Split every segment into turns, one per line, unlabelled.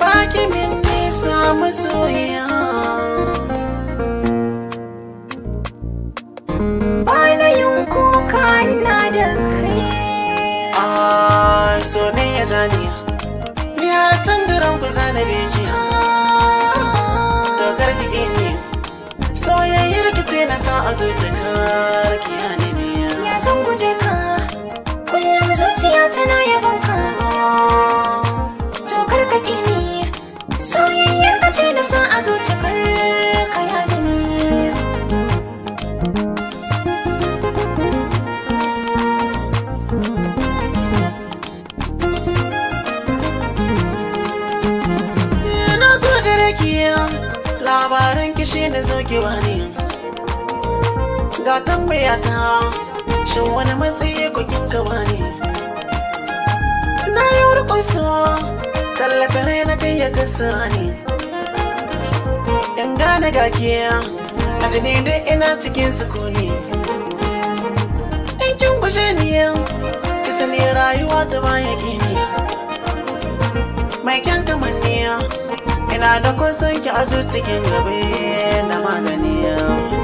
Baki min nisa masoya
Bana yin kuka na da kai Ah, so ne ya jani Ni har tangaran ku zana biki azurtaka ki ya guje ka
kullum zuciya tana yabon ka tokar ka ne soyayyar ka ce
labaran kishi da zoke wani ga mayata, shin wani matsayi kukin gaba ne na yi rikon su tallafin na kai ya kasa ne in gane gake a jini dai ina cikin sukuni in kin gushe ni kisa ne rayuwa ta baya gini mai kyan kamanniya ina da kusan ki a kin gabe na maganiya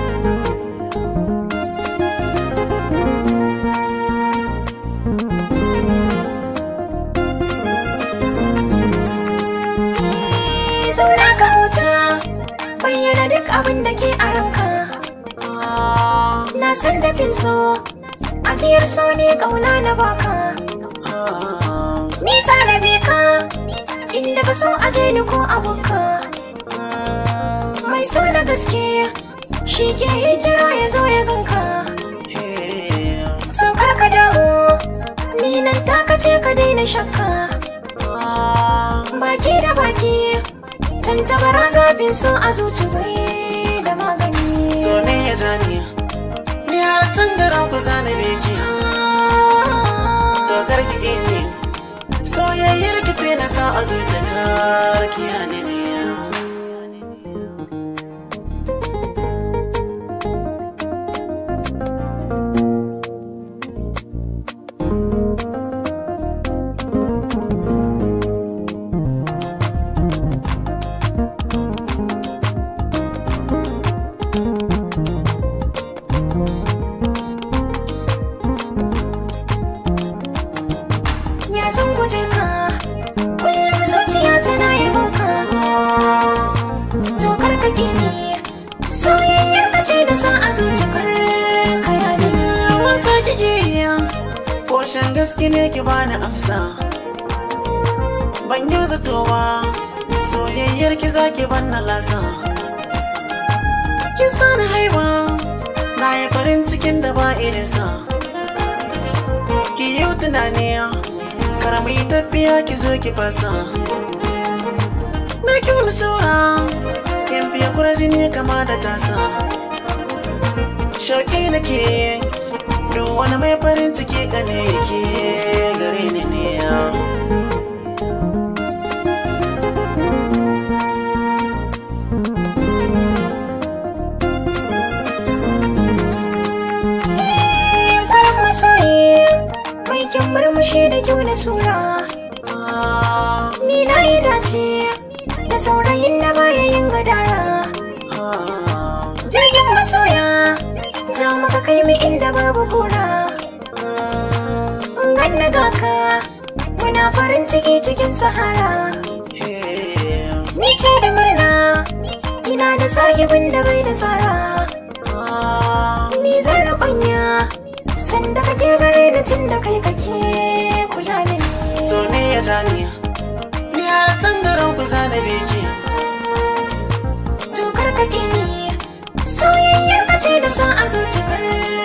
abin da ke a ranka na san da fin so ajiyar so ne kauna na baka nisa na bi ka inda kaso so aje ni ko abokka. mai so na gaske shi ke hijira ya zo ya ganka saukar ka dawo ni nan taka ka daina shakka
baki da baki Tantabara zafin so a zuci bai da magani So ne ya jani Ni har tangaran ku zane beki Dokar ki ne Soyayyar ki ce na sa a zuci na ki hane ne
guje ka kullum zuciya ka
soyayyar ka ce da sa a gaske ne ki bani amsa ban yi zatowa soyayyar ki zaki ban na lasa kin sani haiwa na yi farin cikin da ba irinsa ki yi tunaniya. kar mu tafiya ki zo ki fasa na ki wani saura kin fiye kurajin ne kama da tasa shauƙi nake duk wani mai farin ciki gane yake
shi da kyau sura nina na yi da saurayin na baya yin gadara jirgin masoya ja maka kai mai inda babu kura ganna gaka muna farin ciki cikin sahara ni ce da murna ina da sahibin da bai da tsara ni zan ruɓanya sanda kake gare da
tun da kai kake da janiya ni har tangaran ku zana biki to karkake ni
soyayyar ka ce da sa a zuciyar